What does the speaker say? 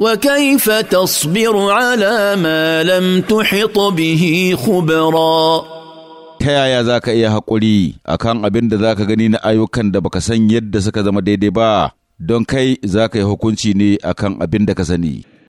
وكيف تصبر على ما لم تحط به خبرا ta yaya za ka iya haƙuri a kan abin da za ka gani na ayyukan da baka san yadda suka zama daidai ba don kai za ka yi hukunci ne a kan abin da ka sani